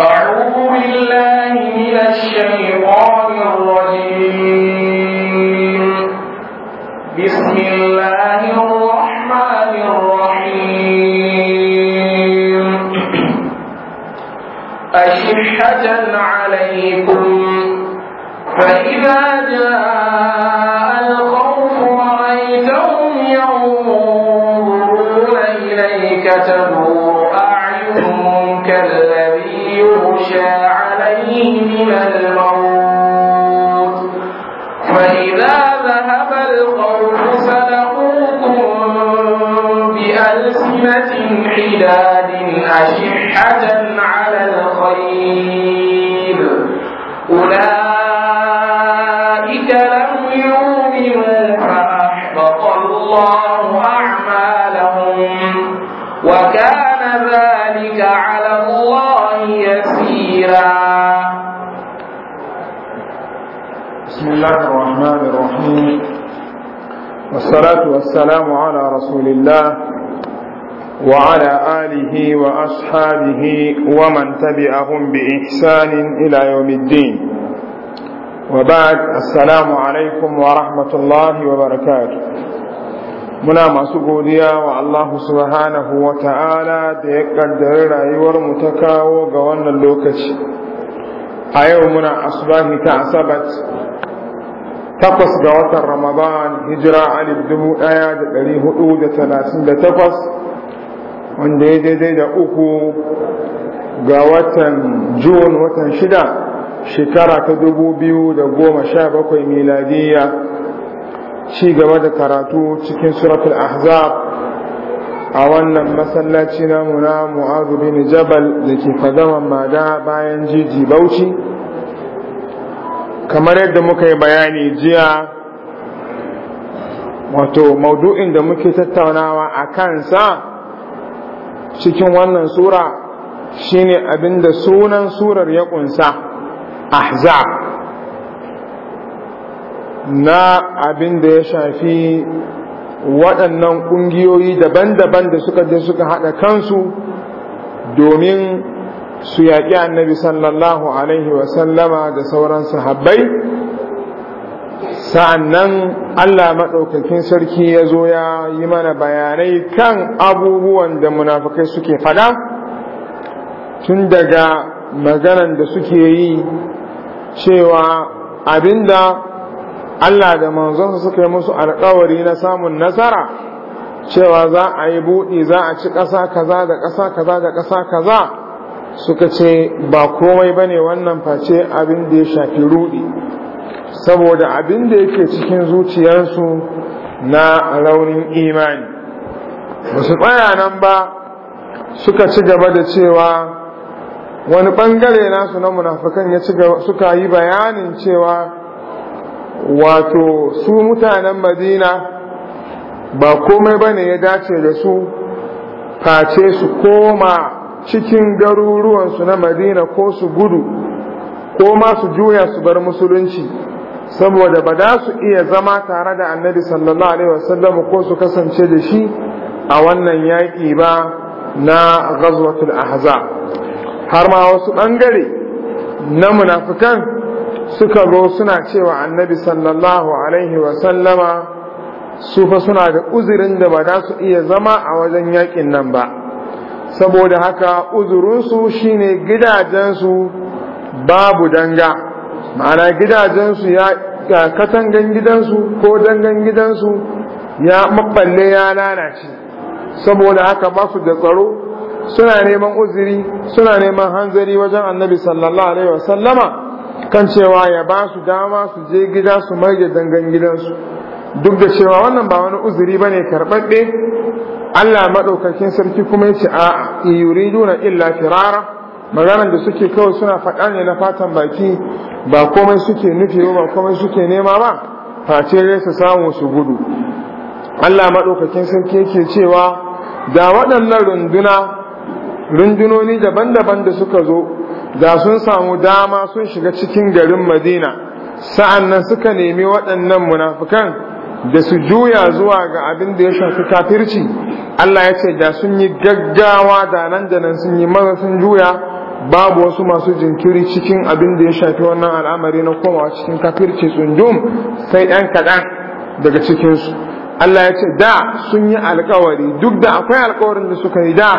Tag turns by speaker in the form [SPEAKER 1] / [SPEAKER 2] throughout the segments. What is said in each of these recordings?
[SPEAKER 1] أعوذ بالله من الشيطان الرجيم بسم الله الرحمن الرحيم أشحة عليكم فإذا جاء بلاد أشحة على الخير أولئك لم يؤمنوا فأحبط الله أعمالهم وكان ذلك على الله يسيرا
[SPEAKER 2] بسم الله الرحمن الرحيم والصلاة والسلام على رسول الله Alihi wa آله وأصحابه ومن تبعهم بإحسان إلى يوم الدين وبعد alaikum wa rahmatullahi wa وبركاته muna masu godiya wa Allahu subhanahu wa ta'ala da ya ƙaddari rayuwarmu ta kawo ga wannan lokaci a yau muna asubahi ta asabat takwas ga watan ramadan hijira alif dubu ɗaya da ɗari hudu da talatin da takwas wanda ya daidai da uku ga watan Jun watan shida shekara ta dubu biyu da goma sha bakwai miladiyya ci gaba da karatu cikin suratul ahzab a wannan masallaci namu na mu'azu bin jabal da ke fadaman mada bayan jiji bauchi kamar yadda muka yi bayani jiya wato maudu'in da muke tattaunawa a kansa cikin wannan sura shine abinda sunan surar ya kunsa ahzab na abinda ya shafi waɗannan ƙungiyoyi daban-daban da suka je suka haɗa kansu domin su yaƙi annabi sallallahu alaihi wasallama da sauran sahabbai sa'an nan Allah maɗaukakin sarki ya zo ya yi mana bayanai kan abubuwan da munafukai suke fada tun daga maganan da suke yi cewa abinda Allah da manzonsa suka yi musu alkawari na samun nasara cewa za a yi buɗe, za a ci ƙasa kaza da ƙasa kaza da ƙasa kaza suka ce ba komai bane wannan face abin da ya shafi ruɗi saboda abin da yake cikin zuciyarsu na raunin imani ba su tsaya nan ba suka ci gaba da cewa wani bangare nasu na munafikan ya ci suka yi bayanin cewa wato su mutanen madina ba komai ba ne ya dace da su face su koma cikin garuruwansu na madina ko su gudu ko ma su juya su bar musulunci saboda ba da su iya zama tare da annabi sallallahu alaihi wasallam ko su kasance da shi a wannan yaƙi ba na ghazwatul ahzab har ma wasu ɓangare na munafikan suka zo suna cewa annabi sallallahu alaihi wasallama su fa suna da uzurin da ba za su iya zama a wajen yaƙin nan ba saboda haka uzurinsu shine gidajensu babu danga ma'ana gidajensu ya katangan gidansu ko dangan gidansu ya maballe ya lalace saboda haka ba su da tsaro suna neman uzuri suna neman hanzari wajen annabi sallallahu alaihi wasallama kan cewa ya ba su dama su je gida su marge dangan gidansu duk da cewa wannan ba wani uzuri ba ne karɓaɓɓe Allah maɗaukakin sarki kuma ya ce a na illa firara maganar da suke kawai suna faɗa ne na fatan baki ba komai suke nufi ba komai suke nema ba face dai su samu su gudu Allah maɗaukakin sarki yake cewa da waɗannan runduna rundunoni daban-daban da suka zo da sun samu dama sun shiga cikin garin madina sa'an nan suka nemi waɗannan munafukan da su juya zuwa ga abin da ya shafi kafirci Allah ya ce da sun yi gaggawa da nan da nan sun yi maza sun juya babu wasu masu jinkiri cikin abin da ya shafi wannan al'amari na komawa cikin kafirci tsundum sai ɗan kaɗan daga cikinsu Allah ya ce da sun yi alkawari duk da akwai alkawarin da suka yi da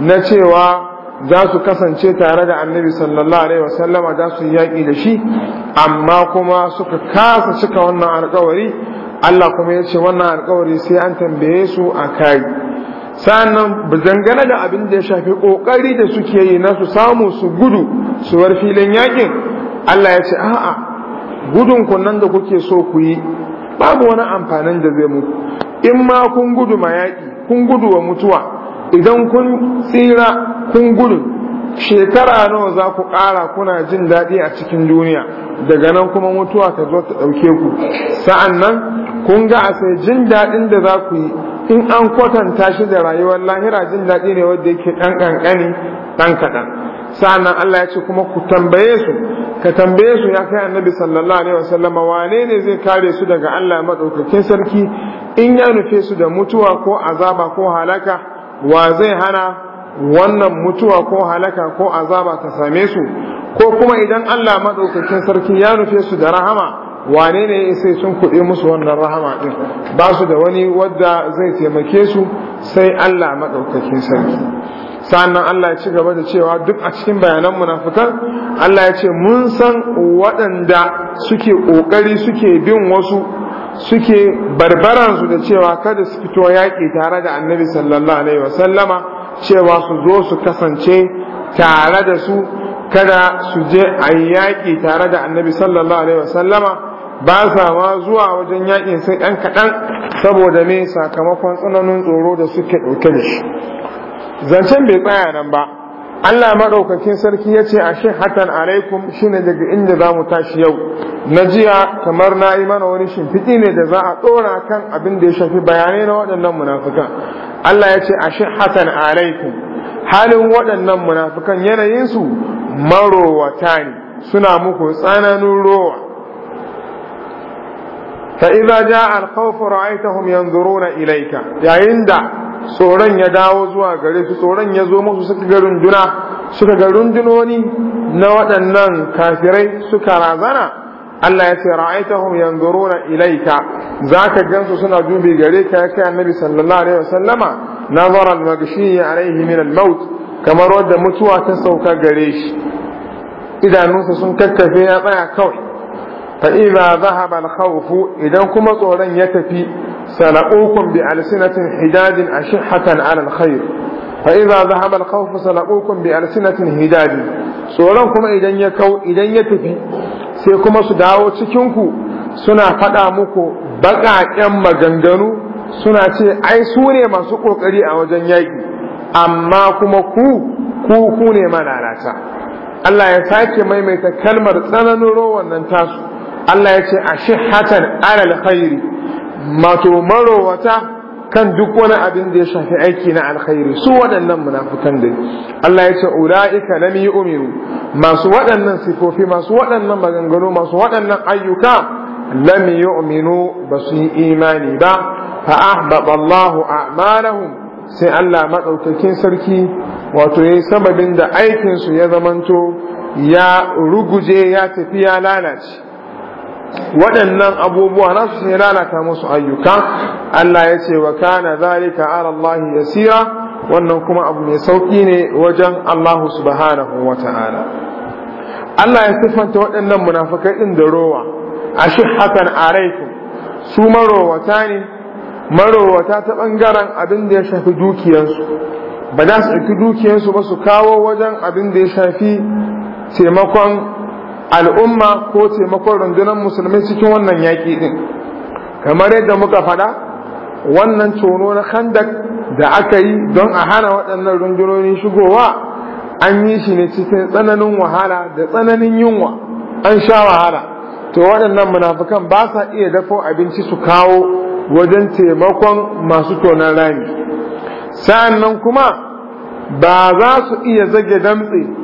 [SPEAKER 2] na cewa za su kasance tare da annabi sallallahu alaihi wasallama za su yaƙi da shi amma kuma suka kasa cika wannan alkawari Allah kuma ya ce wannan alkawari sai an tambaye su a kai sannan ba zangane da abin da ya shafi kokari da suke yi na su samu su gudu su war filin yakin Allah ya ce a'a gudun nan da kuke so ku yi babu wani amfanin da zai muku in ma kun gudu ma yaƙi kun gudu wa mutuwa idan kun tsira kun gudu shekara nawa za ku ƙara kuna jin daɗi a cikin duniya daga nan kuma mutuwa ta zo ta ɗauke ku sa'an nan kun ga a sai jin daɗin da za ku yi in an kwatanta shi da rayuwar lahira jin daɗi ne wanda yake ɗan ƙanƙani ɗan kaɗan sa'annan Allah ya ce kuma ku tambaye su ka tambaye su ya kai annabi sallallahu alaihi wasallam wane ne zai kare su daga Allah madaukakin sarki in ya nufe su da mutuwa ko azaba ko halaka wa zai hana wannan mutuwa ko halaka ko azaba ta same su ko kuma idan Allah madaukakin sarki ya nufe su da rahama wane ne sai sun kuɗe musu wannan rahama ɗin ba su da wani wadda zai taimake su sai Allah maɗaukake sarki sannan Allah ya ci gaba da cewa duk a cikin bayanan munafukan Allah ya ce mun san waɗanda suke ƙoƙari suke bin wasu suke barbaransu da cewa kada su fito yaƙi tare da annabi sallallahu alaihi wasallama cewa su zo su kasance tare da su kada su je a yaƙi tare da annabi sallallahu alaihi wasallama ba sa ma zuwa wajen yakin sai ɗan kaɗan saboda me sakamakon tsananin tsoro da suke ɗauke da shi zancen bai tsaya nan ba Allah maɗaukakin sarki ya ce a shi hatan alaikum shi ne daga inda za mu tashi yau na jiya kamar na yi mana wani shimfiɗi ne da za a ɗora kan abin da ya shafi bayanai na waɗannan munafukan Allah ya ce a shi hatan alaikum halin waɗannan munafukan yanayinsu marowata ne suna muku tsananin rowa fa idza jaa al khawf ra'aytahum yanzuruna ilayka yayin da tsoron ya dawo zuwa gare su tsoron ya zo musu suka ga runduna suka rundunoni na waɗannan kafirai suka razana Allah ya ce ra'aytahum ilaika. ilayka zaka gansu suna dubi gare ka kai annabi sallallahu alaihi wasallama nazara al-maghshi alaihi min al-maut kamar wadda mutuwa ta sauka gare shi idanunsa sun kakkafe ya tsaya kawai fa idza dhahaba al-khawf idan kuma tsoron ya tafi sana'ukum bi alsinatin hidadin ashihatan ala al-khair fa idza dhahaba al-khawf sana'ukum bi alsinatin hidadin tsoron kuma idan ya kau idan ya tafi sai kuma su dawo cikin ku suna faɗa muku baƙaƙen maganganu suna ce ai su ne masu ƙoƙari a wajen yaki, amma kuma ku ku ku ne malalata Allah ya sake maimaita kalmar tsananin rowan nan tasu Allah ya ce a shihatan alal khairi mato marowata kan duk wani abin da ya shafi aiki na alkhairi su waɗannan munafukan da Allah ya ce ula'ika lam yu'minu masu waɗannan sifofi masu waɗannan maganganu masu waɗannan ayyuka lam yu'minu ba su yi imani ba fa ahbaba Allahu a'malahum sai Allah madaukakin sarki wato yi sababin da aikin su ya zamanto ya ruguje ya tafi ya lalace waɗannan abubuwa na su sai lalata musu ayyuka Allah ya ce wa kana zalika ala Allah yasira wannan kuma abu mai sauki ne wajen Allah subhanahu wa ta'ala Allah ya siffanta waɗannan munafikai din da rowa ashi hakan araiku su marowata ne marowata ta ɓangaren abin da ya shafi dukiyarsu ba za su ɗauki dukiyarsu ba su kawo wajen abin da ya shafi taimakon al'umma ko taimakon rundunar musulmi cikin wannan yaƙi ɗin, kamar yadda muka faɗa wannan tono na khandak da aka yi don a hana waɗannan rundunonin shigowa an yi shi ne cikin tsananin wahala da tsananin yunwa an sha wahala to waɗannan munafukan ba sa iya dafa abinci su kawo wajen taimakon masu tonon rami sa'an nan kuma ba za su iya zage damtse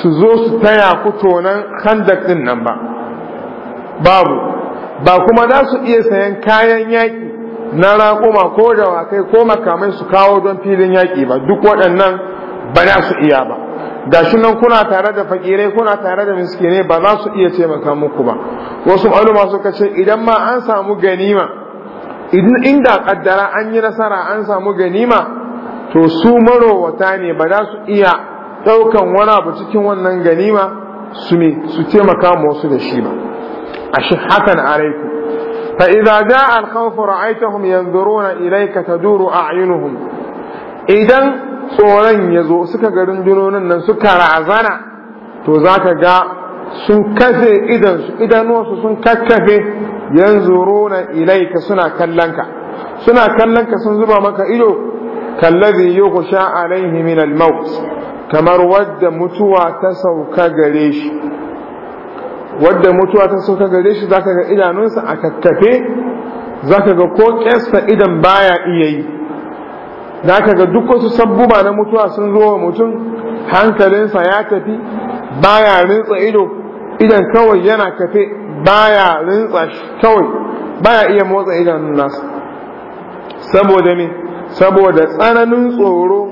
[SPEAKER 2] su zo su taya ku tonan handak din nan ba babu ba kuma za su iya sayan kayan yaƙi na raƙuma ko dawakai ko makamai su kawo don filin yaƙi ba duk waɗannan ba za su iya ba da shi nan kuna tare da fakirai kuna tare da miskinai ba za su iya taimaka muku ba wasu maluma suka ce idan ma an samu ganima inda kaddara an yi nasara an samu ganima to su marowata ne ba za su iya ɗaukan wani abu cikin wannan ganima su ne su taimaka wasu da shi ba a shi hakan alaiku fa idza jaa al khawf ra'aytahum yanzuruna ilayka taduru a'yunuhum idan tsoron yazo suka ga rundunonin nan suka razana to zaka ga sun kafe idan su idanuwarsu sun kakkafe yanzuruna ilayka suna kallanka suna kallanka sun zuba maka ido kallazi yughsha alayhi min al-maut kamar wadda mutuwa ta sauka gare shi wadda mutuwa ta sauka gare shi za ka ga idanunsa a kakkafe ka ga ko kesta idan baya iya yi za ka ga duk wasu sabbuba na mutuwa sun zo wa mutum hankalinsa ya tafi baya rintsa ido idan kawai yana kafe baya rintsa kawai baya iya motsa idanun nasa saboda ne saboda tsananin tsoro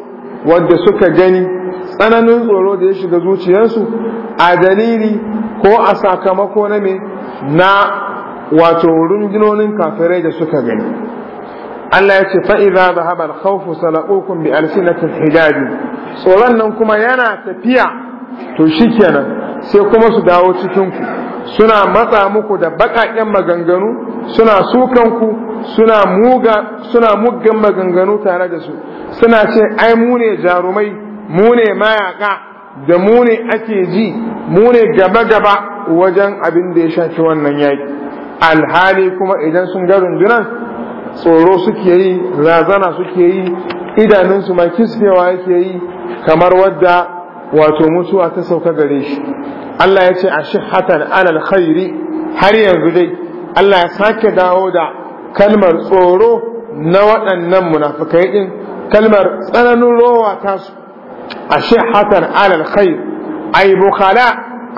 [SPEAKER 2] wadda suka gani tsananin tsoro da ya shiga zuciyarsu a dalili ko a sakamako na me na wato rundunonin kafirai da suka gani Allah ya ce fa'iza da haɓar khawfu sala'ukun bi alsinatin hijabi tsoron nan kuma yana tafiya to shi kenan sai kuma su dawo cikinku suna matsa muku da baƙaƙen maganganu suna sukanku suna suna muggan maganganu tare da su suna ce ai mu ne jarumai Mune ne mayaka da mu ake ji mune gaba-gaba wajen abin da ya shafi wannan yaƙi alhali kuma idan sun ga rundunan tsoro suke yi razana suke yi idanunsu ma kiskewa yake yi kamar wadda wato mutuwa ta sauka gare shi Allah ya ce a shi shihatan alal khairi har yanzu dai Allah ya sake dawo da kalmar tsoro na waɗannan munafukai ɗin kalmar tsananin rowa tasu ashihatan alal khair ay bukhala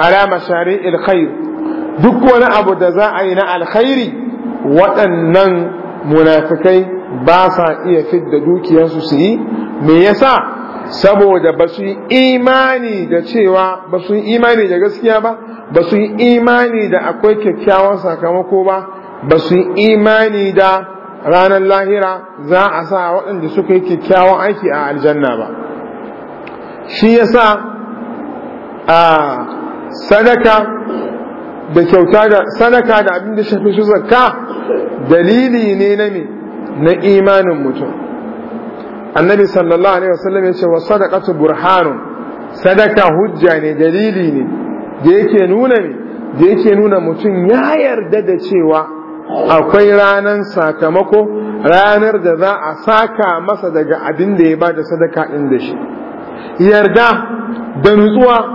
[SPEAKER 2] ala mashari'il khair duk wani abu da za a yi na alkhairi waɗannan munafikai ba sa iya fidda dukiyarsu su yi me yasa saboda ba su yi imani da cewa ba su yi imani da gaskiya ba ba su yi imani da akwai kyakkyawan sakamako ba ba su yi imani da ranar lahira za a sa waɗanda suka yi kyakkyawan aiki a aljanna ba shi sa a sadaka da kyauta da sadaka da abin da shafi shi zarka dalili ne na me na imanin mutum annabi sallallahu alaihi wasallam ya ce wa sadaqatu burhanun sadaka hujja ne dalili ne da yake nuna ne da yake nuna mutum ya yarda da cewa akwai ranar sakamako ranar da za a saka masa daga abin da ya ba da sadaka ɗin da shi yarda da nutsuwa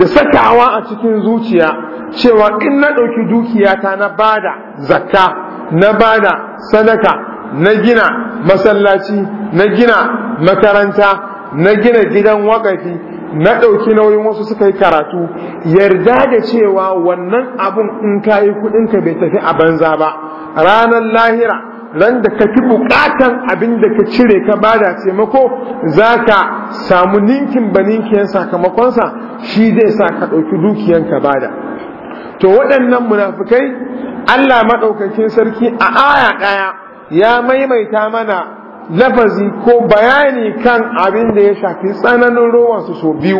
[SPEAKER 2] da sakawa a cikin zuciya cewa in na ɗauki dukiyata na bada zakka na bada sadaka na gina masallaci na gina makaranta na gina gidan wakafi na ɗauki nauyin wasu suka yi karatu yarda da cewa wannan abun in kayi yi kuɗinka bai tafi a banza ba ranar lahira nan da ka fi bukatan abin da ka cire ka bada taimako za ka samu ninkin ba ninkiyan sakamakonsa shi zai sa ka ɗauki dukiyan ka bada to waɗannan munafukai Allah maɗaukakin sarki a aya ɗaya ya maimaita mana lafazi ko bayani kan abin da ya shafi tsananin rowansu sau biyu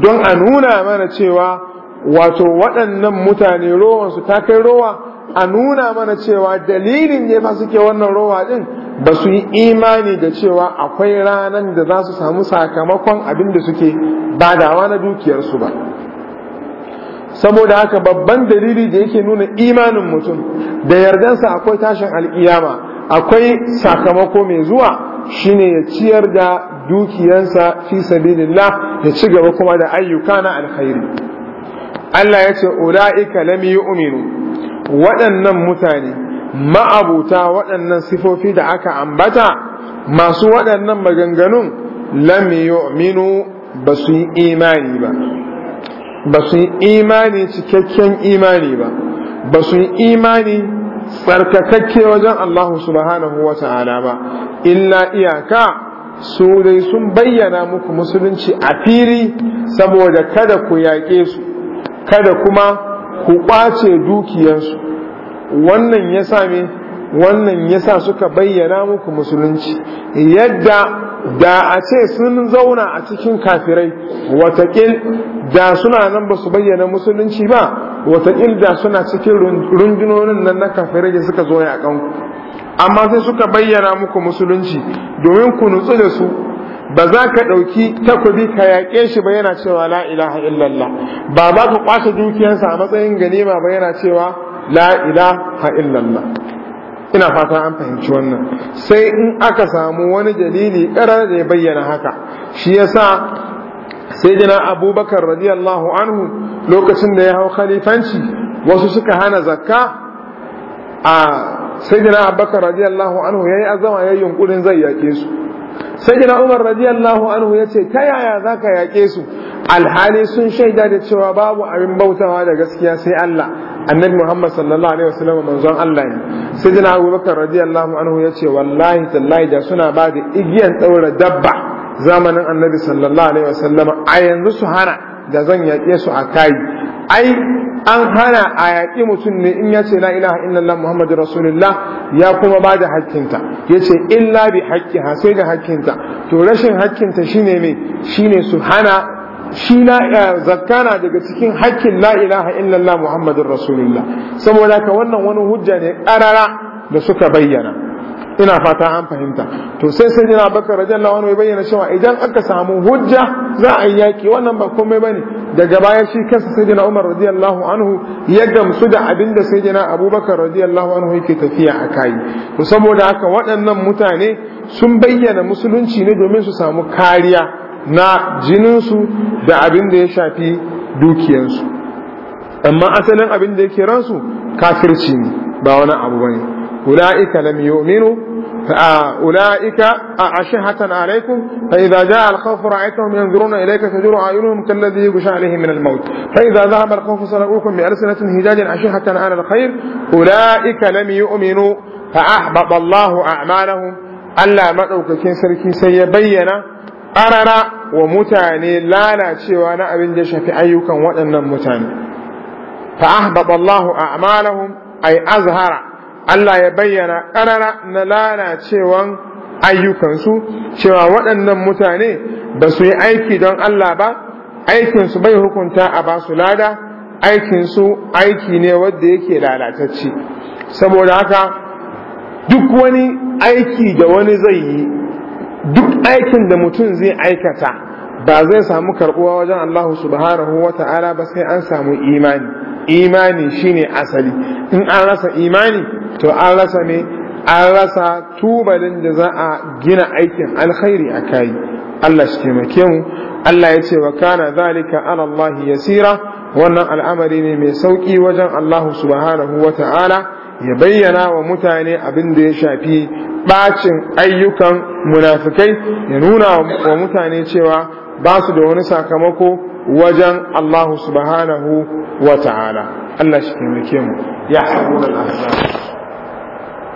[SPEAKER 2] don a nuna mana cewa wato waɗannan mutane rowansu ta kai rowa a nuna mana cewa dalilin ne fa suke wannan rowa din ba su yi imani da cewa akwai ranar da za su samu sakamakon abin da suke ba dawa na dukiyarsu ba saboda haka babban dalili da yake nuna imanin mutum da yardansa akwai tashin al'iyama, akwai sakamako mai zuwa shine ya ciyar da dukiyansa fi sabilillah ya ci gaba kuma da ayyuka na alkhairi Allah ya ce ula'ika lam yu'minu waɗannan mutane ma'abuta waɗannan sifofi da aka ambata masu waɗannan maganganun lam minu ba su yi imani ba ba su yi imani cikakken imani ba ba su yi imani tsarkakakke wajen Allah subhanahu wa ta'ala ba illa iyaka su dai sun bayyana muku musulunci a fili saboda kada ku yaƙe su kada kuma ku ƙwace dukiyarsu wannan ya same wannan ya sa suka bayyana muku musulunci yadda da a ce sun zauna a cikin kafirai watakil da suna nan ba su bayyana musulunci ba watakil da suna cikin rundunonin nan na kafirai da suka zo ya kanku amma sai suka bayyana muku musulunci domin ku nutsu da su ba za ka ɗauki takobi ka yaƙe shi ba yana cewa la ilaha illallah ba za ka kwashe dukiyarsa a matsayin ganima ba yana cewa la ilaha illallah ina fata an fahimci wannan sai in aka samu wani dalili ƙarar da ya bayyana haka shi sa, sai jina abubakar radiyallahu anhu lokacin da ya hau khalifanci wasu suka hana zakka a sai jina abubakar radiyallahu anhu ya yi azama ya yi yunkurin zai yaƙe su sayyidina umar radiyallahu anhu yace ta yaya zaka yake su alhali sun shaida da cewa babu abin bautawa da gaskiya sai Allah annabi Muhammad sallallahu alaihi wasallam manzon Allah ne sayyidina Abubakar radiyallahu anhu yace wallahi tallahi da suna ba da igiyan daura dabba zamanin annabi sallallahu alaihi wasallam a yanzu su hana da zan yake su a kai ai an hana a yaƙi mutum ne in ya ce la ilaha illallah muhammadu rasulullah ya kuma ba da hakkinta ya ce illa bi ha, sai da hakkinta to rashin hakkinta shine mai ne su hana shi na eh, zakka na daga cikin hakkin la ilaha illallah Muhammadu rasulullah saboda ka wannan wani hujja ne karara da suka bayyana ina fata an fahimta to sai sai jina bakar radiyallahu anhu ya bayyana cewa idan aka samu hujja za a yi yaki wannan ba komai bane daga baya shi kansa sai jina umar radiyallahu anhu ya gamsu da abin da sai abubakar radiyallahu anhu yake tafiya a kai to saboda haka waɗannan mutane sun bayyana musulunci ne domin su samu kariya na jininsu da abin da ya shafi dukiyansu amma asalin abin da yake ransu kafirci ne ba wani abu bane أولئك لم يؤمنوا فأولئك أشهة عليكم فإذا جاء الخوف رأيتهم ينظرون إليك تجر أعينهم كالذي يغشى عليه من الموت فإذا ذهب الخوف سلقوكم بألسنة هجاج أشهة على الخير أولئك لم يؤمنوا فأحبط الله أعمالهم ألا مدعوككين سركي سيبين أرنا ومتاني لا لا وانا أبن جشا في أيوكا وأنا متاني فأحبط الله أعمالهم أي أزهر Allah ya bayyana ƙarara na lalacewan ayyukansu cewa waɗannan mutane ba su yi aiki don Allah ba aikinsu bai hukunta a ba su lada aikinsu aiki ne wadda yake lalatacci saboda haka duk wani aiki da wani zai yi duk aikin da mutum zai aikata ba zai samu karɓuwa wajen Allah subhanahu wa ta'ala ba sai an samu imani imani shine asali in an rasa imani to an rasa ne an rasa tubalin da za a gina aikin alkhairi a kai Allah shi taimake mu Allah ya ce wa kana zalika ala Allah yasira wannan al'amari ne mai sauki wajen Allah subhanahu wa ta'ala ya bayyana wa mutane abin da ya shafi bacin ayyukan munafikai ya nuna wa mutane cewa ba su da wani sakamako wajen Allah subhanahu wa ta'ala Allah shi taimake mu ya hasibuna al-ahzab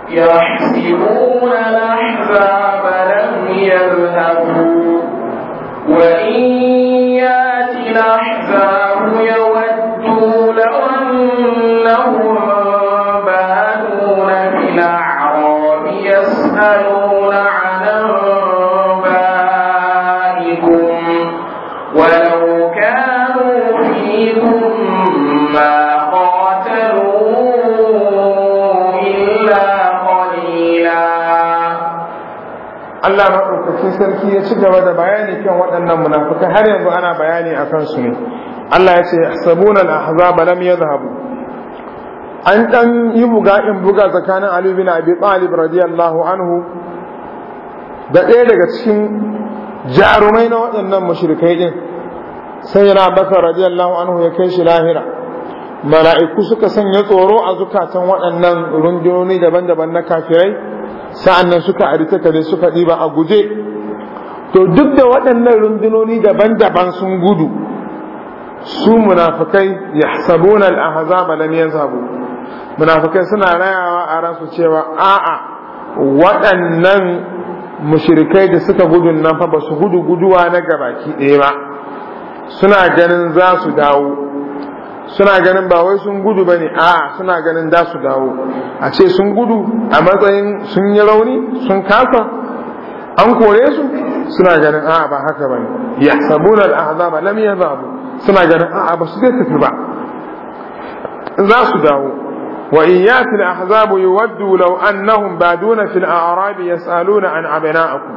[SPEAKER 1] يحسبون الأحزاب لم يذهبوا وإن يأتي الأحزاب يود
[SPEAKER 2] sarki ya ci gaba da bayani kan waɗannan munafukai har yanzu ana bayani a kansu ne Allah ya ce sabuna al-ahzaba lam zahabu. an ɗan yi buga in buga tsakanin Ali bin Abi Talib radiyallahu anhu da ɗaya daga cikin jarumai na waɗannan mushrikai din sai yana baka radiyallahu anhu ya kai shi lahira mala'iku suka sanya tsoro a zukatan waɗannan rundunoni daban-daban na kafirai sa'an nan suka arita kare suka ɗiba a guje to duk da waɗannan rundunoni daban-daban sun gudu su munafikai yahsabuna al-ahzaba lam yazhabu munafikai suna rayawa a ransu cewa a'a waɗannan mushirikai da suka gudu nan fa ba su gudu guduwa na gabaki ɗaya ba suna ganin za su dawo suna ganin ba wai sun gudu ne a suna ganin da su dawo a ce sun gudu a matsayin sun yi rauni sun kasa an kore su suna ganin a'a ba haka bane yahsabuna al-ahzaba lam yadhabu suna ganin a'a ba su zai tafi ba za su dawo wa in iyyati al-ahzab yuwaddu law annahum baduna fil a'rab yas'aluna an abna'akum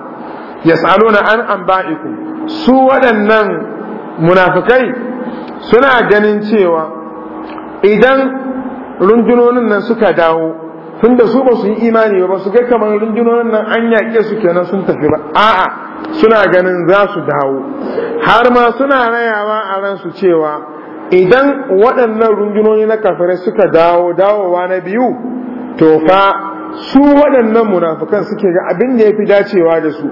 [SPEAKER 2] yas'aluna an anba'ikum su waɗannan munafikai suna ganin cewa idan rundunonin nan suka dawo tun da su ba su yi imani ba su ga kamar rundunonin nan an yaƙe su kenan sun tafi ba a'a suna ganin za su dawo har ma suna rayawa a ransu cewa idan waɗannan rundunoni na kafirai suka dawo dawowa na biyu to fa su waɗannan munafukan suke ga abin da ya fi dacewa da su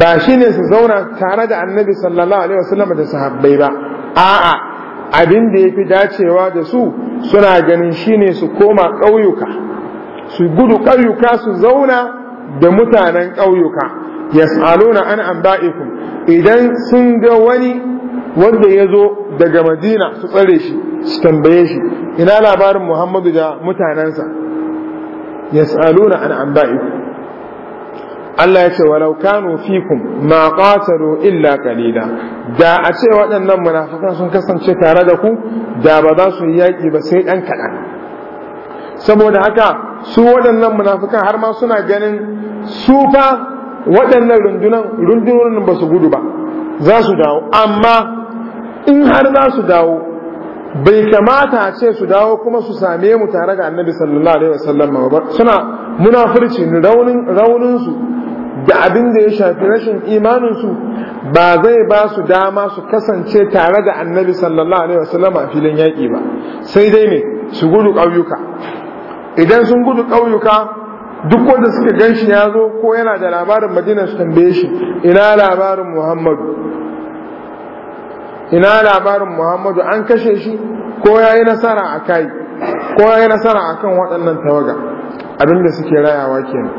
[SPEAKER 2] ba shi ne su zauna tare da annabi sallallahu alaihi wasallam da sahabbai ba a'a abin da ya fi dacewa da su suna ganin shine su koma ƙauyuka su gudu ƙauyuka su zauna da mutanen ƙauyuka yas'aluna an anba'ikum idan sun ga wani wanda ya zo daga madina su tsare shi su tambaye shi ina labarin muhammadu da mutanensa yas'aluna an anba'ikum Allah ya ce walau kanu fikum ma qatalu illa qalila da a ce waɗannan munafikan sun kasance tare da ku da ba za su yi yaƙi ba sai ɗan kaɗan saboda haka su waɗannan munafikan har ma suna ganin su fa waɗannan rundunan rundunan ba su gudu ba za su dawo amma in har za su dawo bai kamata a ce su dawo kuma su same mu tare ga annabi sallallahu alaihi wasallam ba suna munafurci raunin raunin su da abin da ya shafi rashin imanin su ba zai ba su dama su kasance tare da annabi sallallahu alaihi wasallam a filin yaƙi ba sai dai ne su gudu ƙauyuka idan sun gudu ƙauyuka duk wanda suka gan shi ya zo ko yana da labarin madina su tambaye shi ina labarin muhammadu ina labarin muhammadu an kashe shi ko ya yi nasara a kai ko ya yi nasara a kan waɗannan tawaga abinda suke rayawa kenan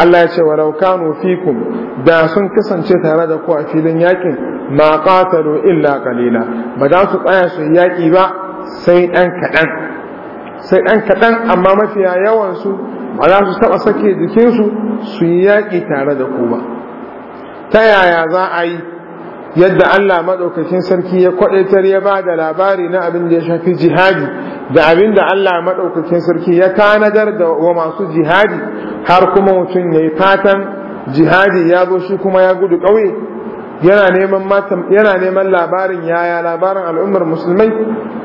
[SPEAKER 2] Allah ya ce wa laukanu fikun da sun kasance tare da ku a filin yakin ma qatalu illa ƙalila. ba za su tsaya su yaƙi ba sai ɗan kaɗan. sai ɗan kaɗan amma mafiya yawansu. ba za su taɓa sake jikinsu su yi yaƙi tare da ku ba ta yaya za a yi yadda Allah maɗaukakin sarki ya kwaɗaitar ya ba da labari na abin da ya shafi jihadi da abin da Allah maɗaukakin sarki ya tanadar da wa masu jihadi har kuma mutum ya yi fatan jihadi ya zo shi kuma ya gudu ƙauye yana neman labarin yaya labarin al'ummar musulmai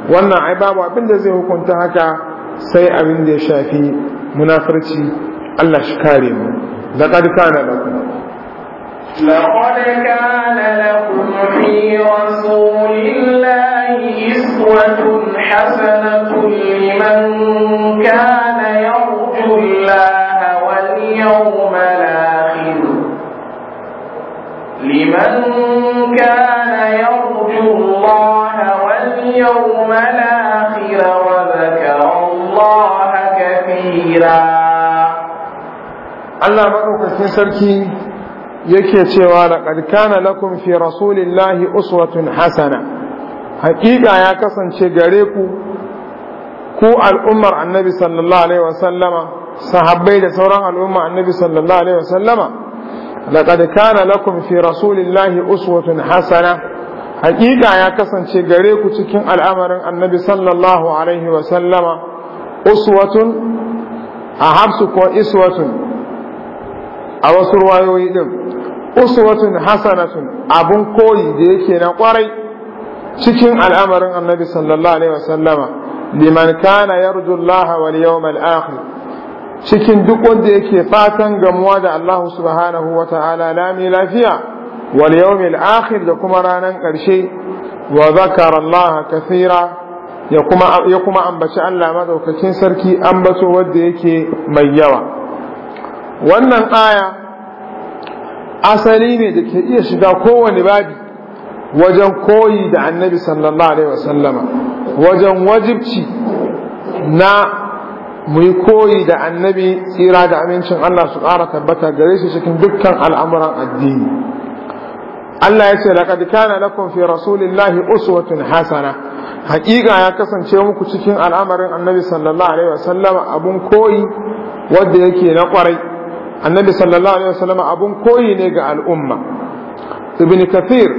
[SPEAKER 2] wannan ai babu abin da zai hukunta haka sai abin da ya shafi munafurci Allah shi kare mu laqad kana lakum
[SPEAKER 1] لقد كان لكم في رسول الله إسوة حسنة لمن kabira
[SPEAKER 2] Allah maɗaukakin sarki yake cewa laqad kana lakum fi rasulillahi uswatun hasana haƙiƙa ya kasance gare ku ku al'ummar annabi sallallahu alaihi wasallama sahabbai da sauran al'ummar annabi sallallahu alaihi wasallama laqad kana lakum fi rasulillahi uswatun hasana hakika ya kasance gare ku cikin al'amarin annabi sallallahu alaihi wasallama uswatun a hafsu ko iswatun a wasu ruwayoyi din uswatun hasanatun abun koyi da yake na kwarai cikin al'amarin annabi sallallahu alaihi wasallama liman kana yarju Allah wal yawmal akhir cikin duk wanda yake fatan gamuwa da Allah subhanahu wa ta'ala lami lafiya wal yawmal akhir da kuma ranan karshe wa zakara Allah kathira ya kuma ambaci Allah madaukakin sarki ambato wanda yake mai yawa wannan aya asali ne da ke iya shiga kowane babi wajen koyi da annabi sallallahu alaihi wasallama wajen wajibci na muyi koyi da annabi tsira da amincin Allah su ƙara tabbata gare shi cikin dukkan al'amuran addini Allah ya ce laqad kana lakum fi rasulillahi uswatun hasana hakika ya kasance muku cikin al'amarin annabi sallallahu alaihi wasallam abun koyi
[SPEAKER 1] wanda yake na kwarai
[SPEAKER 2] annabi sallallahu alaihi wasallam abun koyi ne ga al'umma ibn kathir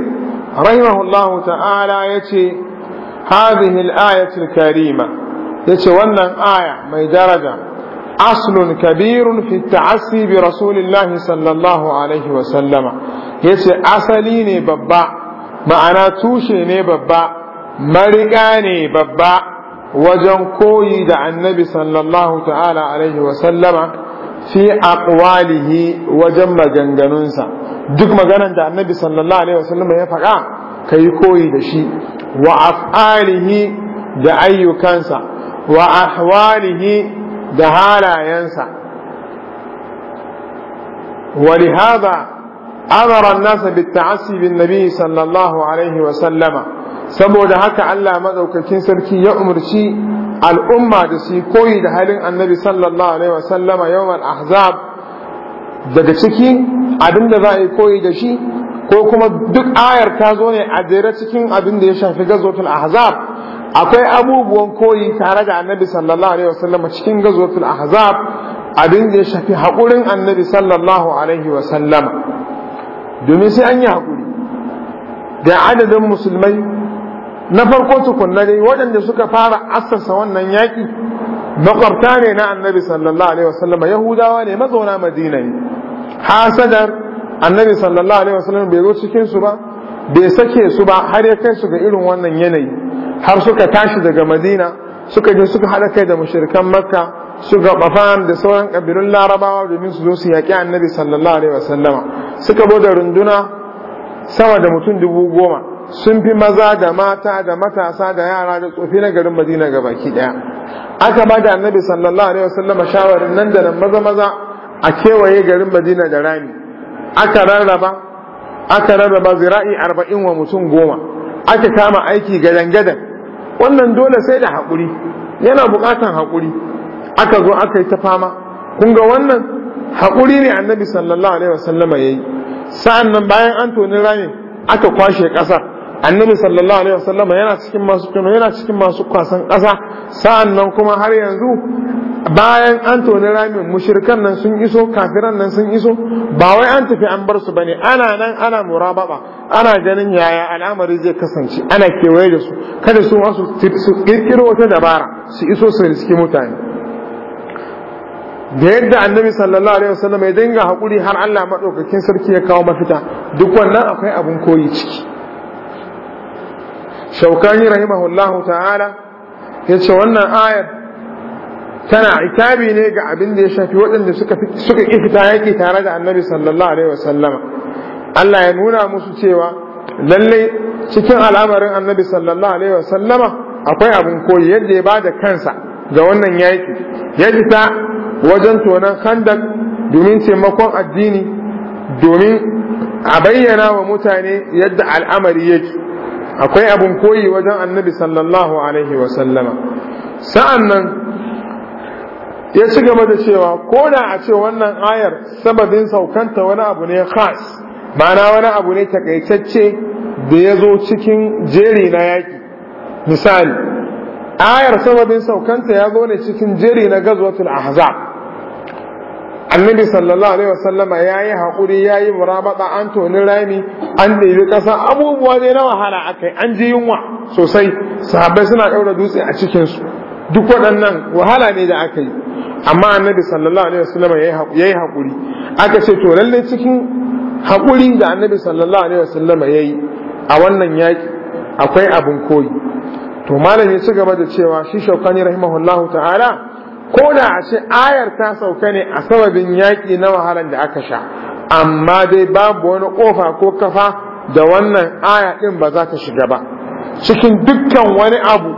[SPEAKER 2] rahimahullahu ta'ala yace hadhihi al-ayatu al-karima yace wannan aya mai daraja aslun kabirun fi ta'assi bi rasulillahi sallallahu alaihi wasallama yace asali ne babba ma'ana tushe ne babba mariƙa ne babba wajen koyi da annabi sallallahu ta'ala alaihi wasallama wajen maganganunsa duk maganan da annabi sallallahu alaihi wasallama ya faɗa ka yi koyi da shi wa af'alihi da ayyukansa wa ahwalihi da halayensa ولهذا أمر الناس بالتعسي بالنبي صلى الله عليه وسلم saboda haka Allah madaukakin sarki ya umarci al'umma da su koyi da halin annabi sallallahu alaihi wasallama yawan ahzab daga ciki abin da za a yi koyi da shi ko kuma duk ayar ta zo ne a jere cikin abin da ya shafi gazotul ahzab akwai abubuwan koyi tare da annabi sallallahu alaihi wasallama cikin gazotul ahzab abin da ya shafi haƙurin annabi sallallahu alaihi wasallama domin sai an yi haƙuri da adadin musulmai na farko tukunna dai waɗanda suka fara assasa wannan yaƙi makwabta ne na annabi sallallahu alaihi wasallam yahudawa ne mazauna madina ne hasadar annabi sallallahu alaihi wasallam bai zo cikin su ba bai sake su ba har ya kai su ga irin wannan yanayi har suka tashi daga madina suka je suka haɗa kai da mushrikan makka suka bafan da sauran kabilun larabawa domin su zo su yaƙi annabi sallallahu alaihi wasallama suka bude runduna sama da mutum dubu goma sun fi maza da mata da matasa da yara da tsofi na garin madina ga baki daya aka ba da annabi sallallahu alaihi wasallam shawarin nan da nan maza maza a kewaye garin madina da rami aka rarraba aka rarraba zira'i arba'in wa mutum goma aka kama aiki gadan gadan wannan dole sai da haƙuri yana buƙatan haƙuri aka zo aka yi ta fama kun ga wannan haƙuri ne annabi sallallahu alaihi wasallam ya yi sa'an nan bayan an toni ramin aka kwashe ƙasa annabi sallallahu alaihi wasallam yana cikin masu kuma yana cikin masu kwasan ƙasa sa'an nan kuma har yanzu bayan an toni ramin mushrikan nan sun iso kafiran nan sun iso ba wai an tafi an bar su bane ana nan ana murababa ana ganin yaya al'amari zai kasance ana kewaye da su kada su wasu su kirkiro wata dabara su iso su riski mutane da yadda annabi sallallahu alaihi wasallam ya dinga hakuri har Allah madaukakin sarki ya kawo mafita duk wannan akwai abun koyi ciki shaukani rahimahullahu ta'ala
[SPEAKER 1] ya ce wannan
[SPEAKER 2] ayar tana itabi ne ga abin da ya shafi waɗanda suka ki fita yaƙi tare da annabi sallallahu alaihi wasallama Allah ya nuna musu cewa lallai cikin al'amarin annabi sallallahu alaihi wasallama akwai abin koyi yadda ya ba da kansa ga wannan yaƙi ya fita wajen tonon handak domin taimakon addini domin a bayyana wa mutane yadda al'amari yake akwai abin koyi wajen annabi sallallahu alaihi wasallama sa'an nan ya ci gaba da cewa ko da a ce wannan ayar sababin saukanta wani abu ne khas ma'ana wani abu ne takaitacce da ya zo cikin jeri na yaƙi misali ayar sababin saukanta ya zo ne cikin jeri na gazwatul ahzab annabi sallallahu alaihi wasallam ya yi haƙuri ya yi murabata an toni rami an ɗebi ƙasa abubuwa ne na wahala a kai an ji yunwa sosai sahabbai suna ɗaura dutse a cikinsu duk waɗannan wahala ne da aka yi amma annabi sallallahu alaihi wasallam ya yi haƙuri aka ce to lallai cikin haƙuri da annabi sallallahu alaihi wasallam ya yi a wannan yaƙi akwai abin koyi to malami ya ci gaba da cewa shi shaukani rahimahullahu ta'ala ko da a ce ayar ta sauka ne a sababin yaƙi na wahalar da aka sha amma dai babu wani ƙofa ko kafa da wannan aya ɗin ba za ta shiga ba cikin dukkan wani abu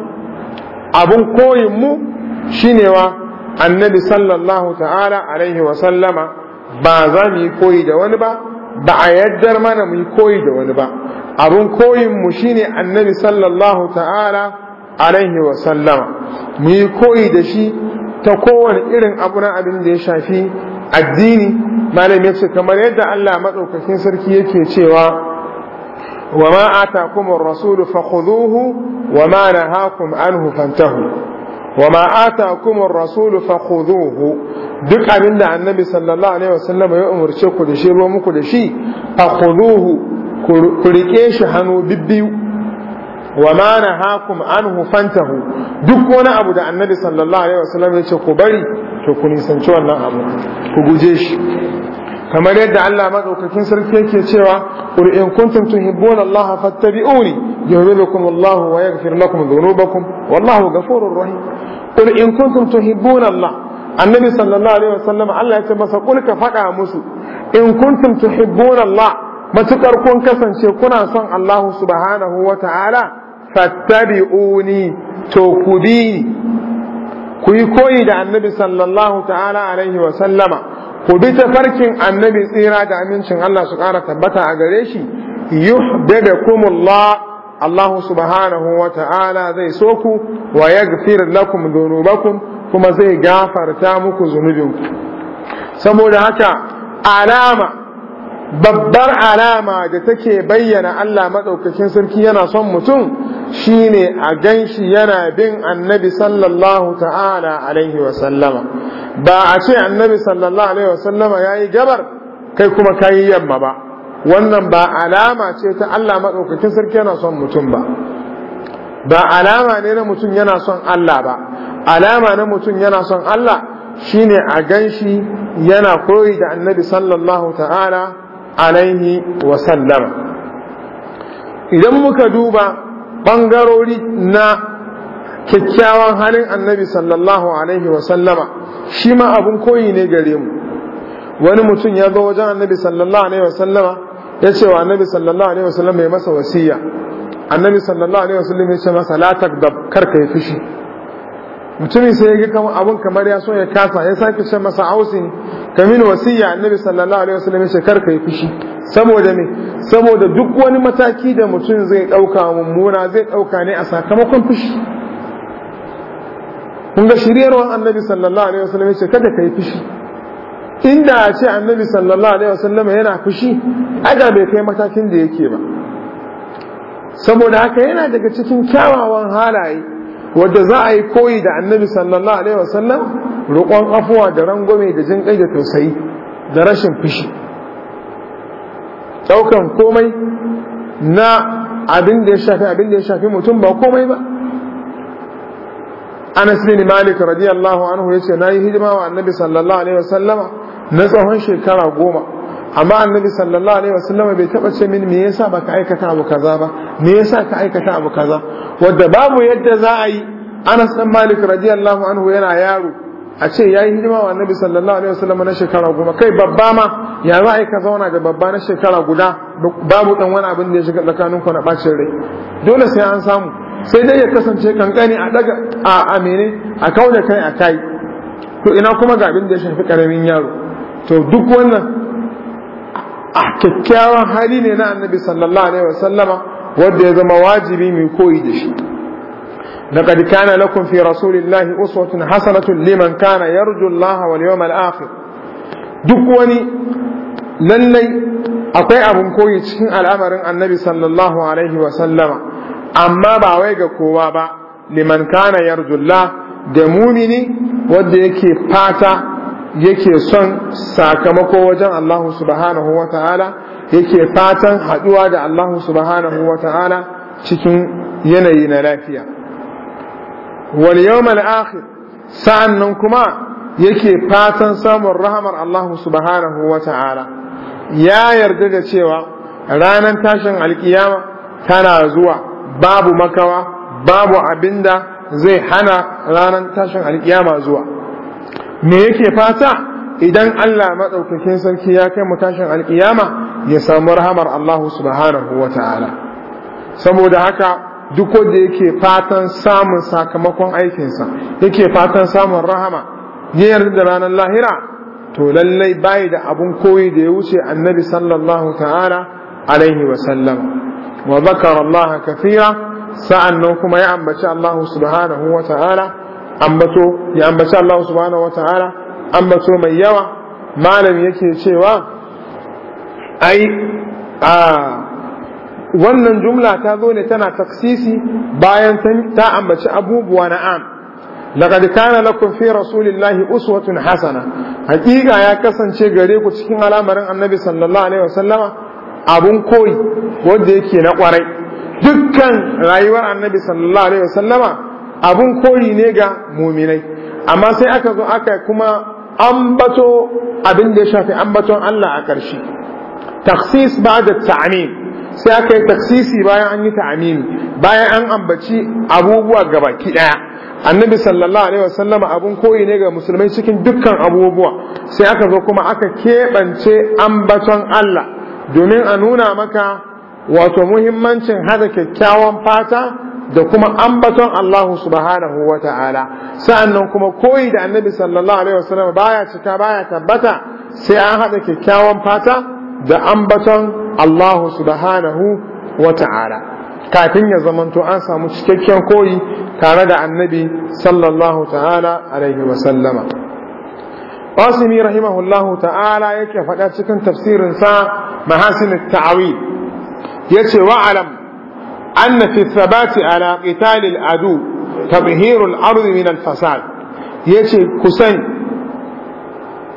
[SPEAKER 2] abun koyin mu wa? annabi sallallahu ta'ala alaihi wa sallama ba za mu yi koyi da wani ba ba a yaddar mana mu yi koyi da wani ba abun koyinmu mu shine annabi sallallahu ta'ala alaihi wa sallama mu yi koyi da shi ta kowane irin abu na abin da ya shafi addini malam ya ce kamar yadda Allah madaukakin sarki yake cewa wa ma atakum ar-rasul wa ma nahakum anhu fantahu wa ma atakum ar-rasul duk abin da annabi sallallahu alaihi wasallam ya umurce ku da shi ruwa muku da shi fakhuduhu ku rike shi hannu bibbiyu wa ma nahakum anhu fantahu duk wani abu da annabi sallallahu alaihi wasallam ya ce ku bari to ku nisanci wannan abu ku guje shi kamar yadda Allah madaukakin sarki yake cewa qul in kuntum tuhibbuna Allah fattabi'uni yuhibbukum Allah wa yaghfir lakum dhunubakum wallahu ghafurur rahim qul in kuntum tuhibbuna Allah annabi sallallahu alaihi wasallam Allah ya ce masa qul ka faɗa musu in kuntum tuhibbuna Allah matukar kun kasance kuna son Allah subhanahu wa ta'ala fattabi'uni to ku bi ku yi koyi da annabi sallallahu ta'ala alaihi wa sallama ku bi tafarkin annabi tsira da amincin Allah su ƙara tabbata a gare shi yuhibbukumullah Allah subhanahu wa ta'ala zai so ku wa yaghfir lakum dhunubakum kuma zai gafarta muku zunubinku saboda haka alama babbar alama da take bayyana Allah maɗaukakin sarki yana son mutum shine a ganshi yana bin annabi sallallahu ta'ala alaihi wasallama ba a ce annabi sallallahu alaihi wasallama ya yi gabar kai kuma ka yi yamma ba wannan ba alama ce ta Allah maɗaukakin sarki yana son mutum ba ba alama ne na mutum yana son Allah ba alama na mutum yana son Allah shine a ganshi yana koyi da annabi sallallahu ta'ala alaihi wasallam idan muka duba ɓangarori na kyakkyawan halin annabi sallallahu alaihi wasallama shi ma abin koyi ne gare mu wani mutum ya zo wajen annabi sallallahu alaihi wasallama ya ce wa annabi sallallahu alaihi wasallama ya masa wasiya annabi sallallahu alaihi wasallam ya ce masa la takdab karka ya fishi mutumin sai ya ga kamar abun kamar ya so ya kasa ya sake ce masa ausin ka min wasiya annabi sallallahu alaihi wasallam ya kar kai fushi saboda me saboda duk wani mataki da mutum zai dauka mummuna zai dauka ne a sakamakon fushi kun ga wa annabi sallallahu alaihi wasallam ya shekar da kai fushi inda a ce annabi sallallahu alaihi wasallam yana fushi aga bai kai matakin da yake ba saboda haka yana daga cikin kyawawan halaye wadda za a yi koyi da annabi sallallahu alaihi wasallam roƙon afuwa da rangwame da jin ƙai da tausayi da rashin fushi ɗaukan komai na abin da ya shafi abin da ya shafi mutum ba komai ba Anas bin Malik radiyallahu anhu yace nayi hidima wa Annabi sallallahu alaihi wasallama na tsawon shekara goma amma annabi sallallahu alaihi wasallam bai taba ce min me yasa baka aikata abu kaza ba me yasa ka aikata abu kaza wanda babu yadda za a yi Anas dan Malik radiyallahu anhu yana yaro a ce yayi hidima wa annabi sallallahu alaihi wasallam na shekara goma kai babba ma ya za a yi ka zauna da babba na shekara guda babu dan wani abin da ya shiga tsakanin ku na bacin rai dole sai an samu sai dai ya kasance kankani a daga a amene a kauna kai a kai to ina kuma ga abin da ya shafi karamin yaro to duk wannan a ah, kyakkyawan hali ne na annabi sallallahu alaihi wasallama wanda ya zama wajibi mai koyi da shi لقد كان لكم في رسول الله أسوة حسنة لمن كان يرجو الله واليوم الآخر duk wani lallai akwai abin koyi cikin al'amarin annabi sallallahu alaihi wasallama amma ba wai ga kowa ba liman kana yarjullah da mumini wanda yake fata yake son sakamako wajen Allah subhanahu wa ta'ala yake fatan haɗuwa da Allah subhanahu wa ta'ala cikin yanayi na lafiya Wani yawmal akhir sa'an nan kuma yake fatan samun rahamar Allah subhanahu wa ta'ala ya yarda da cewa ranar tashin alkiyama tana zuwa babu makawa babu abinda zai hana ranar tashin alkiyama zuwa me yake fata idan Allah maɗaukakin sarki ya kai mu tashin alkiyama ya samu rahamar Allah subhanahu wa ta'ala saboda haka duk wanda yake fatan samun sakamakon aikinsa yake fatan samun rahama ya yarda da ranar lahira to lallai bai da abun koyi da ya wuce annabi sallallahu ta'ala alaihi wa sallam wa zakara Allah sa’an nan kuma ya ambaci Allah subhanahu wa ta'ala ambato ya ambaci Allah subhanahu wata'ala ambato mai yawa malami yake cewa ai a wannan jumla ta zo ne tana taksisi bayan ta ambaci abubuwa na am laqad kana lakum fi rasulillahi uswatun hasana hakika ya kasance gare ku cikin al'amarin annabi sallallahu alaihi wasallama abun koyi wanda yake na kwarai dukkan rayuwar annabi sallallahu alaihi wasallama abun koyi ne ga muminai amma sai aka zo aka kuma ambato abin da ya shafi ambaton Allah a ƙarshe taksis ba da ta'amin sai aka yi taksisi bayan an yi ta'amin bayan an ambaci abubuwa gaba ɗaya annabi sallallahu alaihi wasallam abun koyi ne ga musulmai cikin dukkan abubuwa sai aka zo kuma aka keɓance ambaton Allah domin a nuna maka wato muhimmancin hada kyakkyawan fata da kuma ambaton Allah subhanahu wa ta'ala sa'annan kuma koyi da annabi sallallahu alaihi wasallam baya cika baya tabbata sai an haɗa kyakkyawan fata da ambaton Allah subhanahu wa ta'ala kafin ya zamanto an samu cikakken koyi tare da annabi sallallahu ta'ala alaihi wasallama qasimi rahimahullahu ta'ala yake faɗa cikin tafsirinsa mahasin ta'awi yace wa'alam أن في الثبات على قتال العدو تبهير الأرض من الفساد يشي كسين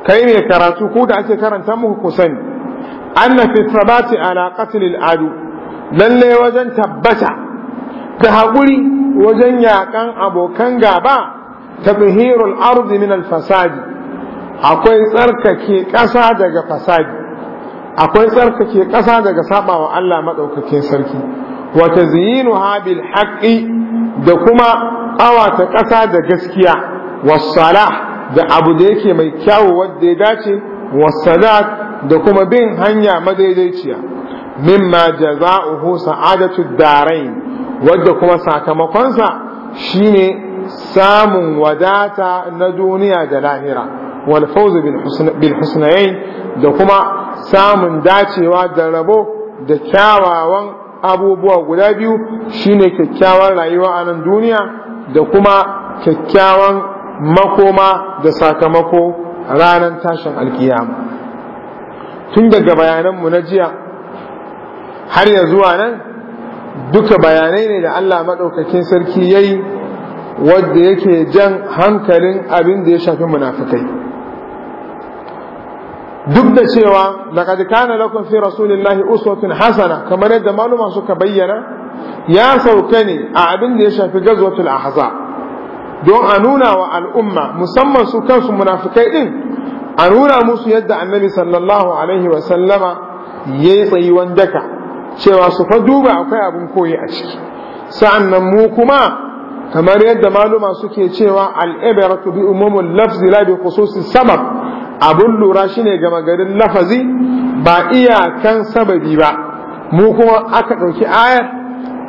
[SPEAKER 2] كيف يكراتو كود أشي كرن تمه كسين أن في الثبات على قتل العدو للي وجن تبتا تهقولي يا كان أبو كان كنغابا تبهير الأرض من الفساد أقول سرك كي كسادك فساد أقول سرك كي كسادك daga sabawa Allah كي سركي Wata tazyinuha bil haƙƙi da kuma awata ƙasa da gaskiya wasala da abu da yake mai kyawo wadda ya dace wasala da kuma bin hanya madaidaiciya mimma jaza'uhu sa'adatu darai wadda kuma sakamakonsa shine samun wadata na duniya da lahira wal fawz da kuma samun dacewa da rabo da kyawawan abubuwa guda biyu shine kyakkyawan rayuwa a nan duniya da kuma kyakkyawan makoma da sakamako ranar tashin alkiyama tun daga bayananmu na jiya har ya zuwa nan duka bayanai ne da Allah maɗaukakin sarki ya yi wadda yake jan hankalin abin da ya shafi munafukai duk da cewa laqad kana lakum fi rasulillahi uswatun hasana kamar yadda maluma suka bayyana ya sauka ne a abin da ya shafi gazwatul ahza don a nuna wa al'umma musamman su kansu munafikai din a nuna musu yadda annabi sallallahu alaihi wa sallama yayi tsayuwan daka cewa su fa duba akwai abin koyi a ciki sa'annan mu kuma kamar yadda maluma suke cewa al'ibaratu bi umumul lafzi la bi khususis sabab abun lura shine gama garin lafazi ba iyakan sababi ba mu kuma aka ɗauki ayar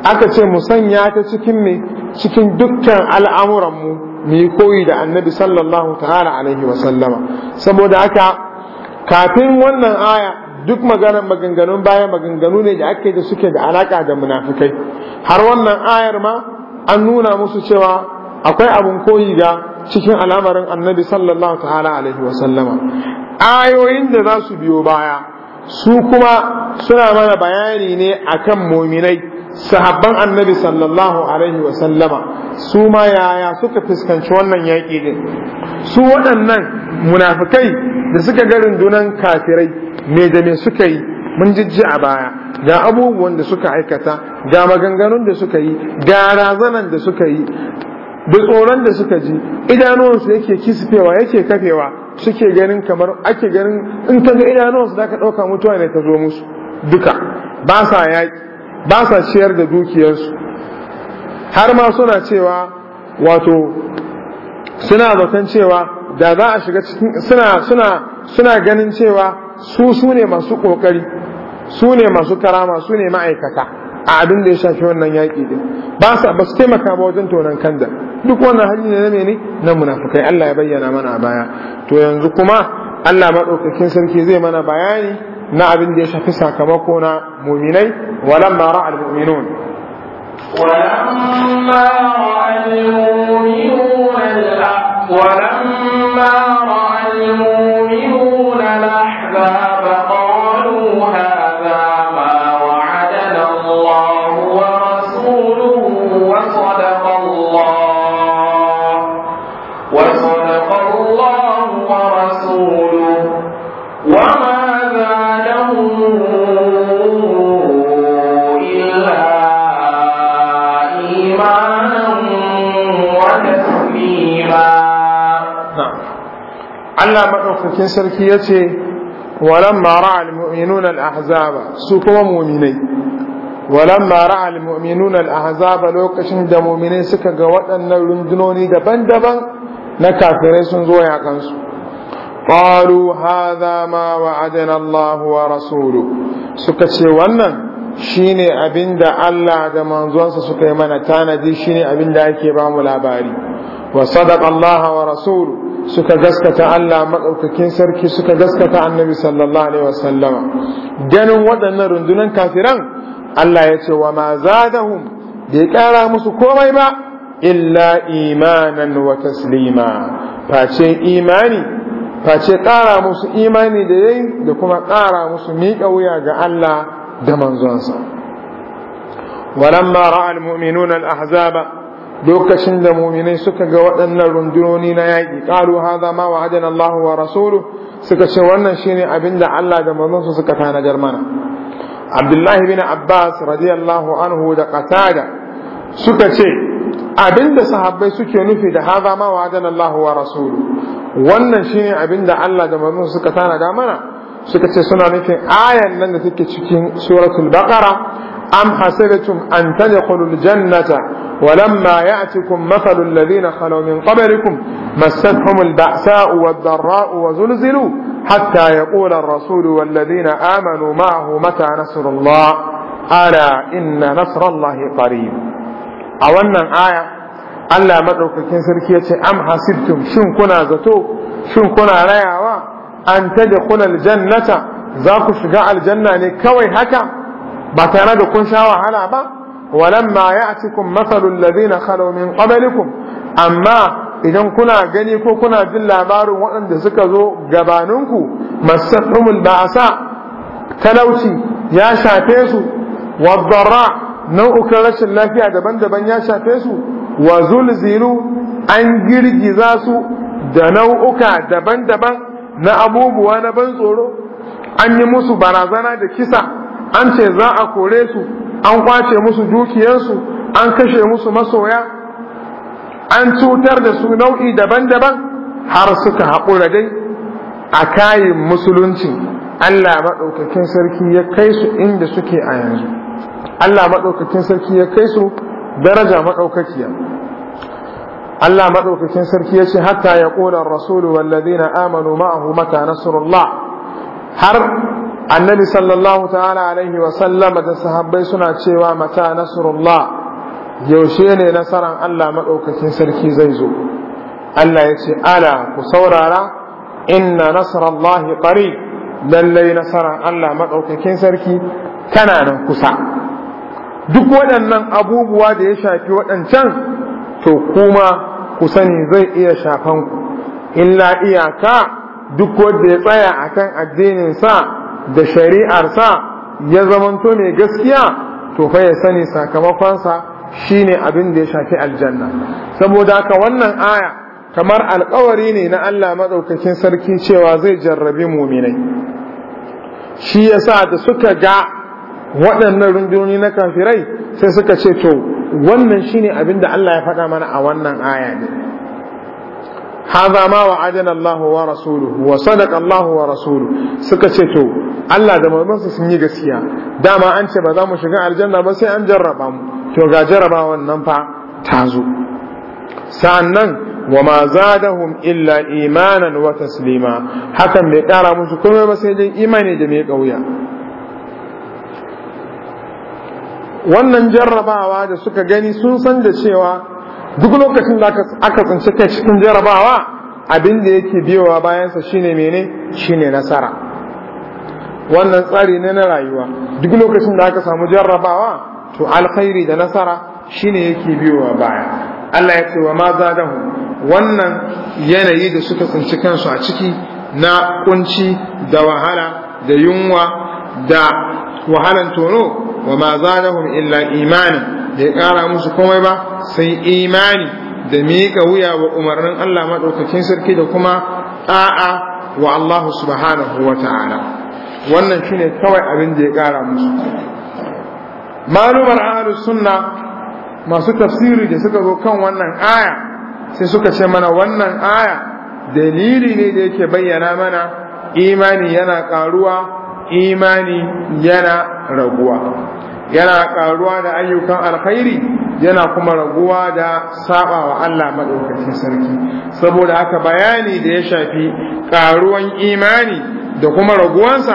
[SPEAKER 2] aka ce mu sanya ta cikin cikin dukkan al'amuranmu mu koyi da annabi sallallahu ta'ala alaihi saboda aka kafin wannan aya duk maganar maganganun baya maganganu ne da ake da suke da alaƙa da munafikai har wannan ayar ma an nuna musu cewa akwai abun koyi ga cikin al'amarin annabi sallallahu ta'ala alaihi wa ayoyin da za su biyo baya su kuma suna mana bayani ne akan muminai sahabban annabi sallallahu alaihi wa su ma yaya suka fuskanci wannan yaƙi ne su waɗannan munafikai da suka ga rundunan kafirai me da me suka yi mun jijji a baya ga abubuwan da suka aikata ga maganganun da suka yi ga razanan da suka yi da tsoron da suka ji idanuwansu yake kisfewa yake kafewa suke ganin kamar ake ganin in ka ga idanuwansu za ka ɗauka mutuwa ne ta zo musu duka ba sa yaƙi ba sa ciyar da dukiyarsu har ma suna cewa wato suna zaton cewa da za a shiga cikin suna suna suna ganin cewa su su ne masu ƙoƙari su ne masu karama su ne ma'aikata a abin da ya shafi wannan yaƙi din ba sa ba su taimaka ba wajen tonon kanda duk wannan hali ne na mene na munafukai Allah ya bayyana mana a baya to yanzu kuma Allah maɗaukakin sarki zai mana bayani na abin da ya shafi sakamako na muminai walamma ra'al mu'minun
[SPEAKER 1] ولما رأى المؤمنون ولما رأى المؤمنون لحظة madaukakin
[SPEAKER 2] sarki ya ce walamma ra'a almu'minuna al-ahzaba su kuma mu'minai al-ahzaba lokacin da mu'minai suka ga waɗannan rundunoni daban-daban na kafirai sun zo yakan su qalu hadha ma wa'adana Allah wa rasuluhu suka ce wannan shine abinda Allah da manzonsa suka yi mana tanadi shine abinda ake ba mu labari wa sadaqa Allah wa rasuluhu suka gaskata Allah maɗaukakin sarki suka gaskata annabi sallallahu alaihi wasallama ganin waɗannan rundunan kafiran Allah ya ce wa ma zadahum bai ƙara musu komai ba illa imanan wa taslima face imani face ƙara musu imani da yayi da kuma ƙara musu miƙa wuya ga Allah da manzonsa ولما رأى المؤمنون الأحزاب lokacin da muminai suka ga waɗannan rundunoni na yaƙi ƙaru, haza ma wa adana Allah wa rasulu suka ce wannan shine abin da Allah da manzonsa suka tanadar mana Abdullahi bin Abbas radiyallahu anhu da Qatada suka ce abin da sahabbai suke nufi da haza ma wa adana Allah wa rasulu wannan shine abin da Allah da manzonsa suka tanada mana suka ce suna nufin ayan nan da take cikin suratul baqara أم حسبتم أن تدخلوا الجنة ولما يأتكم مثل الذين خلوا من قبلكم مستهم البأساء والضراء وزلزلوا حتى يقول الرسول والذين آمنوا معه متى نصر الله ألا إن نصر الله قريب أولا آية Allah maɗaukakin sarki ya ce, Am hasibtum shin kuna zato, shin kuna rayawa, an ta da jannata za ku shiga aljanna ne kawai haka, ba tare da kun sha wahala ba walamma a cikin ladina khalu min qablikum amma idan kuna gani ko kuna jin labarin waɗanda suka zo gabaninku masafrumul ba'asa talauci ya shafe su wadarra nau'ukan rashin lafiya daban-daban ya shafe su wa zulzilu an girgiza su da nau'uka daban-daban na abubuwa na ban tsoro an yi musu barazana da kisa an ce za a kore su an kwace musu dukiyansu an kashe musu masoya an cutar da su nau'i daban-daban har suka haƙura dai a kayin musulunci Allah maɗaukakin sarki ya kai su inda suke a yanzu Allah maɗaukakin sarki ya kai su daraja maɗaukakiya Allah maɗaukakin sarki ya ce hatta ya ƙolar rasulu wallazina amanu ma'ahu mata nasrullah har annabi sallallahu ta'ala alaihi wa sallama da sahabbai suna cewa mata nasrullah yaushe ne nasaran Allah maɗaukakin sarki zai zo Allah ya ce ala ku saurara inna nasrallahi qarib lallai nasaran Allah maɗaukakin sarki tana nan kusa duk waɗannan abubuwa da ya shafi waɗancan to kuma ku sani zai iya shafan ku illa iyaka duk wanda ya tsaya akan addininsa da shari'ar sa ya zamanto mai gaskiya to fa ya sani sakamakonsa shine abin da ya shafi aljanna saboda haka wannan aya kamar alkawari ne na Allah madaukakin sarki cewa zai jarrabi muminai shi yasa da suka ga waɗannan rundunoni na kafirai sai suka ce to wannan shine abin da Allah ya faɗa mana a wannan aya ne Hazama ma wa'adana wa rasuluhu wa sadaqa Allah wa rasuluhu suka ce to Allah da manzonsa sun yi gaskiya dama an ce ba za mu shiga aljanna ba sai an jarraba mu to ga jarrabawan nan fa ta zo wa ma zadahum illa imanan wa taslima hakan bai kara musu komai ba sai dai imani da mai kauya wannan jarrabawa da suka gani sun san da cewa duk lokacin da aka tsinci kai cikin jarabawa abin da yake biyowa bayansa shine mene shine nasara wannan tsari ne na rayuwa duk lokacin da aka samu jarrabawa to alkhairi da nasara shine yake biyowa baya Allah ya ce wa ma zadahu wannan yanayi da suka tsinci kansu a ciki na kunci da wahala da yunwa da wahalan tono wa ma zadahum illa imani da ya kara musu komai ba sai imani da miƙa wuya wa umarnin Allah maɗaukakin sarki da kuma a'a wa Allah subhanahu wa ta'ala wannan shine kawai abin da ya ƙara musu malumar ahlus sunna masu tafsiri da suka zo kan wannan aya sai suka ce mana wannan aya dalili ne da yake bayyana mana imani yana ƙaruwa imani yana raguwa yana ƙaruwa da ayyukan alkhairi yana kuma raguwa da saba wa Allah maɗaukacin sarki saboda haka bayani da ya shafi ƙaruwan imani da kuma raguwansa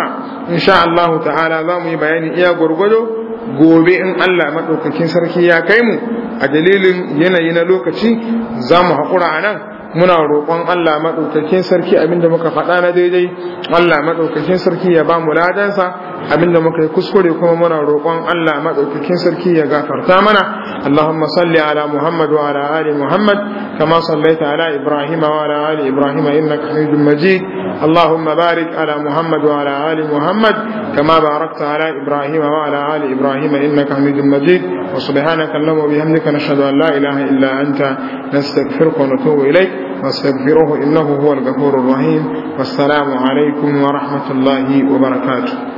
[SPEAKER 2] insha Allah ta'ala za mu yi bayani iya gwargwado gobe in Allah maɗaukakin sarki ya kai mu a dalilin yanayi na lokaci
[SPEAKER 1] za mu haƙura a
[SPEAKER 2] nan muna roƙon Allah maɗaukakin sarki abinda muka faɗa na daidai Allah maɗaukakin sarki ya ba mu ladansa abinda muka yi kuskure kuma muna roƙon Allah maɗaukakin sarki ya gafarta mana Allahumma salli ala Muhammad wa ala ali Muhammad kama sallaita ala Ibrahim wa ala ali Ibrahim innaka Hamidum Majid Allahumma barik ala Muhammad wa ala ali Muhammad kama barakta ala Ibrahim wa ala ali Ibrahim innaka Hamidum Majid wa subhanaka Allahumma wa bihamdika nashhadu an la ilaha illa anta nastaghfiruka wa natubu ilayk واستغفروه إنه هو الغفور الرحيم والسلام عليكم ورحمة الله وبركاته